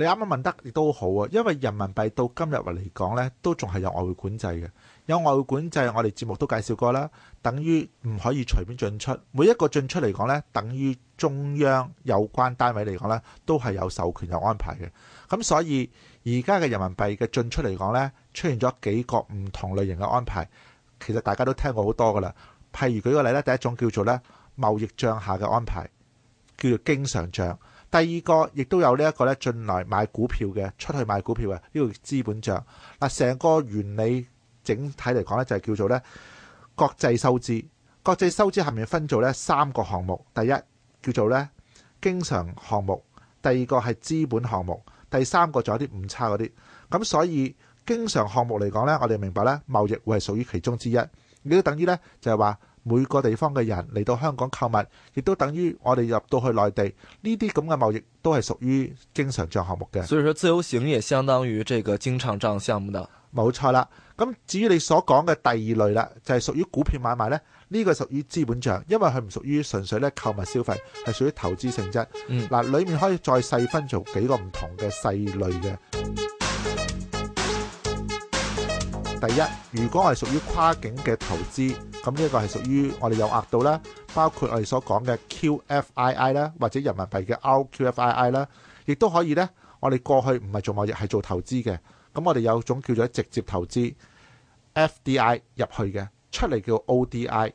你啱啱問得亦都好啊，因為人民幣到今日嚟講呢，都仲係有外匯管制嘅。有外匯管制，我哋節目都介紹過啦。等於唔可以隨便進出，每一個進出嚟講呢，等於中央有關單位嚟講呢，都係有授權有安排嘅。咁所以而家嘅人民幣嘅進出嚟講呢，出現咗幾個唔同類型嘅安排，其實大家都聽過好多㗎喇。譬如舉個例呢，第一種叫做呢貿易帳下嘅安排，叫做經常帳。第二個亦都有呢一個咧進來買股票嘅，出去買股票嘅呢、呢個資本帳嗱，成個原理整體嚟講呢就係叫做呢國際收支。國際收支下面分做呢三個項目，第一叫做呢經常項目，第二個係資本項目，第三個仲有啲誤差嗰啲。咁所以經常項目嚟講呢，我哋明白呢貿易會係屬於其中之一，亦都等於呢就係話。每個地方嘅人嚟到香港購物，亦都等於我哋入到去內地呢啲咁嘅貿易都係屬於經常賬項目嘅。所以說，自由行也相當於這個經常賬項目的。冇錯啦。咁至於你所講嘅第二類啦，就係屬於股票買賣咧。呢、呢個屬於資本賬，因為佢唔屬於純粹咧購物消費，係屬於投資性質。嗱、嗯，裏面可以再細分做幾個唔同嘅細類嘅。第一，如果我係屬於跨境嘅投資，咁呢個係屬於我哋有額度啦，包括我哋所講嘅 QFII 啦，或者人民幣嘅 RQFII 啦，亦都可以呢。我哋過去唔係做貿易，係做投資嘅，咁我哋有一種叫做直接投資 FDI 入去嘅，出嚟，叫 ODI。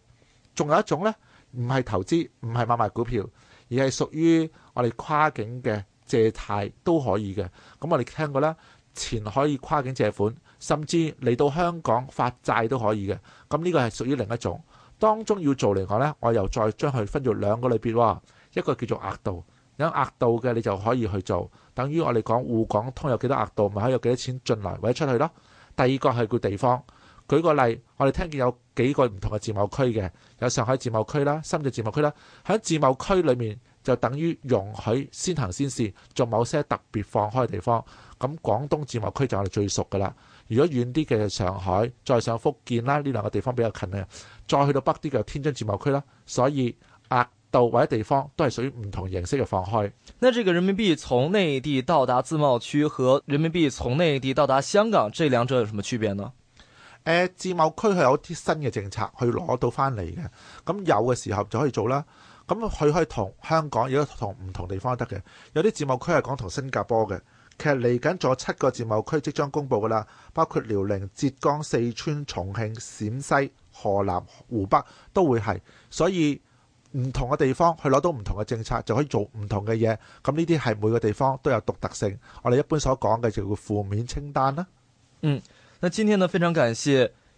仲有一種呢，唔係投資，唔係買賣股票，而係屬於我哋跨境嘅借貸都可以嘅。咁我哋聽過啦，錢可以跨境借款。甚至嚟到香港發債都可以嘅，咁呢個係屬於另一種。當中要做嚟講呢，我又再將佢分做兩個類別喎。一個叫做額度，有額度嘅你就可以去做，等於我哋講滬港通有幾多額度，咪可以有幾多錢進來或者出去咯。第二個係叫地方，舉個例，我哋聽見有幾個唔同嘅自貿區嘅，有上海自貿區啦、深圳自貿區啦，喺自貿區裏面，就等於容許先行先試，做某些特別放開嘅地方。咁廣東自貿區就係我哋最熟㗎喇。如果遠啲嘅上海，再上福建啦，呢兩個地方比較近咧。再去到北啲嘅天津自貿區啦。所以額度或者地方都係屬於唔同形式嘅放開。那這個人民幣從內地到達自貿區和人民幣從內地到達香港，這兩者有什麼區別呢？誒、呃，自貿區係有啲新嘅政策去攞到返嚟嘅。咁有嘅時候就可以做啦。咁佢可以同香港，亦都同唔同地方得嘅。有啲自貿區係講同新加坡嘅，其實嚟緊仲有七個自貿區即將公布噶啦，包括遼寧、浙江、四川、重慶、陝西、河南、湖北都會係。所以唔同嘅地方，去攞到唔同嘅政策，就可以做唔同嘅嘢。咁呢啲係每個地方都有獨特性。我哋一般所講嘅就叫負面清單啦。嗯，那今天呢非常感謝。